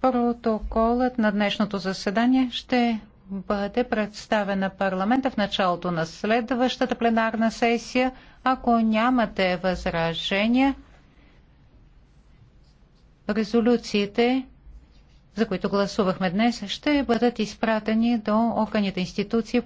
Протоколът на днешното заседание ще бъде представен на парламента в началото на следващата пленарна сесия. Ако нямате възражения, резолюциите, за които гласувахме днес, ще бъдат изпратени до органите институции